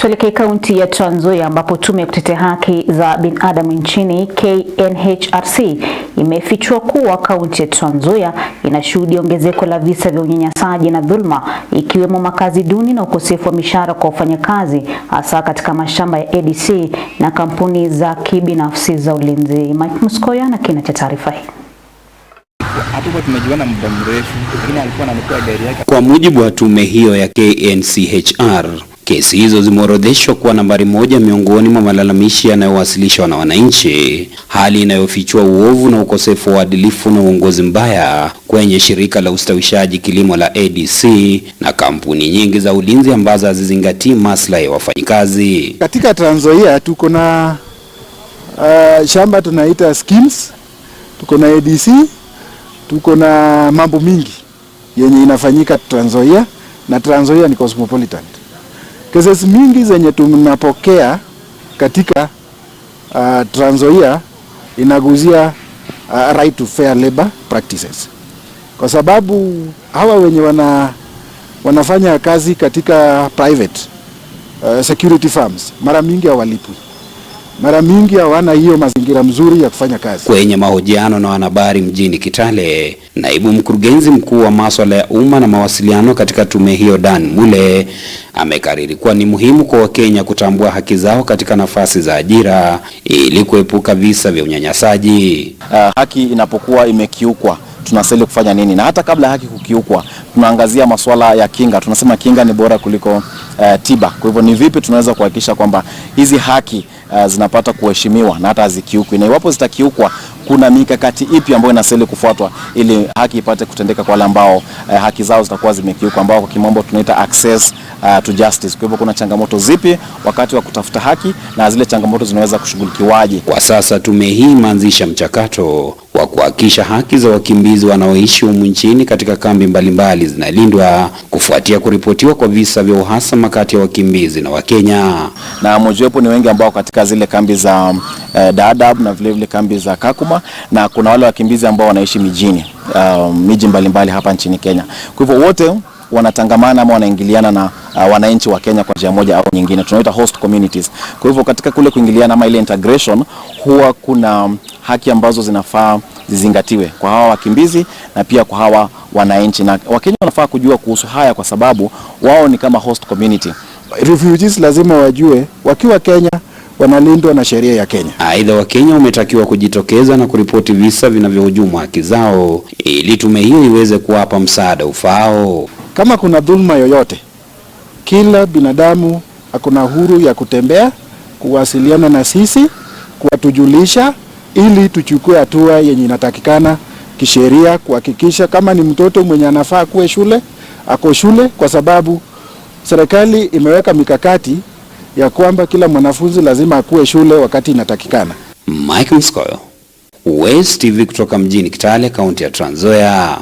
Tuelekee kaunti ya Trans Nzoia ambapo tume ya kutetea haki za binadamu nchini KNHRC imefichua kuwa kaunti ya Trans Nzoia inashuhudia ongezeko la visa vya unyanyasaji na dhulma ikiwemo makazi duni na ukosefu wa mishahara kwa wafanyakazi hasa katika mashamba ya ADC na kampuni za kibinafsi za ulinzi. Mike Muskoya na kina cha taarifa hii. Kwa mujibu wa tume hiyo ya KNCHR, Kesi hizo zimeorodheshwa kuwa nambari moja miongoni mwa malalamishi yanayowasilishwa na wananchi, hali inayofichua uovu na ukosefu wa uadilifu na uongozi mbaya kwenye shirika la ustawishaji kilimo la ADC na kampuni nyingi za ulinzi ambazo hazizingatii maslahi ya wafanyikazi. Katika Trans Nzoia tuko na uh, shamba tunaita schemes, tuko na ADC, tuko na mambo mingi yenye inafanyika Trans Nzoia na Trans Nzoia ni cosmopolitan. Kesi mingi zenye tunapokea katika uh, Trans Nzoia inaguzia uh, right to fair labor practices, kwa sababu hawa wenye wana, wanafanya kazi katika private uh, security firms mara mingi hawalipwi mara mingi hawana hiyo mazingira mzuri ya kufanya kazi. Kwenye mahojiano na wanahabari mjini Kitale, naibu mkurugenzi mkuu wa maswala ya umma na mawasiliano katika tume hiyo Dan Mule amekariri kuwa ni muhimu kwa Wakenya kutambua haki zao katika nafasi za ajira ili kuepuka visa vya unyanyasaji. Uh, haki inapokuwa imekiukwa tunastahili kufanya nini? Na hata kabla haki kukiukwa, tunaangazia masuala ya kinga. Tunasema kinga ni bora kuliko uh, tiba. Kwa hivyo ni vipi tunaweza kuhakikisha kwamba hizi haki uh, zinapata kuheshimiwa na hata hazikiukwi, na iwapo zitakiukwa, kuna mikakati ipi ambayo inastahili kufuatwa ili haki ipate kutendeka kwa wale ambao uh, haki zao zitakuwa zimekiukwa, ambao kwa kimombo tunaita access uh, to justice. Kwa hivyo kuna changamoto zipi wakati wa kutafuta haki na zile changamoto zinaweza kushughulikiwaje? Kwa sasa tume hii imeanzisha mchakato wa kuhakikisha haki za wakimbizi wanaoishi humu nchini katika kambi mbalimbali zinalindwa kufuatia kuripotiwa kwa visa vya uhasama kati ya wakimbizi na Wakenya. Na mojawapo ni wengi ambao katika zile kambi za eh, Dadaab na vile kambi za Kakuma na kuna wale wakimbizi ambao wanaishi mijini, uh, miji mbalimbali hapa nchini Kenya. Kwa hivyo wote wanatangamana ama wanaingiliana na uh, wananchi wa Kenya kwa njia moja au nyingine, tunaita host communities. Kwa hivyo katika kule kuingiliana ama ile integration, huwa kuna um, haki ambazo zinafaa zizingatiwe kwa hawa wakimbizi na pia kwa hawa wananchi, na Wakenya wanafaa kujua kuhusu haya kwa sababu wao ni kama host community. Refugees lazima wajue wakiwa Kenya wanalindwa na sheria ya Kenya. Aidha, Wakenya wametakiwa kujitokeza na kuripoti visa vinavyohujumu haki zao ili tume hiyo iweze kuwapa msaada ufao. Kama kuna dhuluma yoyote, kila binadamu akuna huru ya kutembea, kuwasiliana na sisi, kuwatujulisha ili tuchukue hatua yenye inatakikana kisheria, kuhakikisha kama ni mtoto mwenye anafaa kuwe shule ako shule, kwa sababu serikali imeweka mikakati ya kwamba kila mwanafunzi lazima akuwe shule wakati inatakikana. Mike Mskoyo, West TV kutoka mjini Kitale, kaunti ya Trans Nzoia.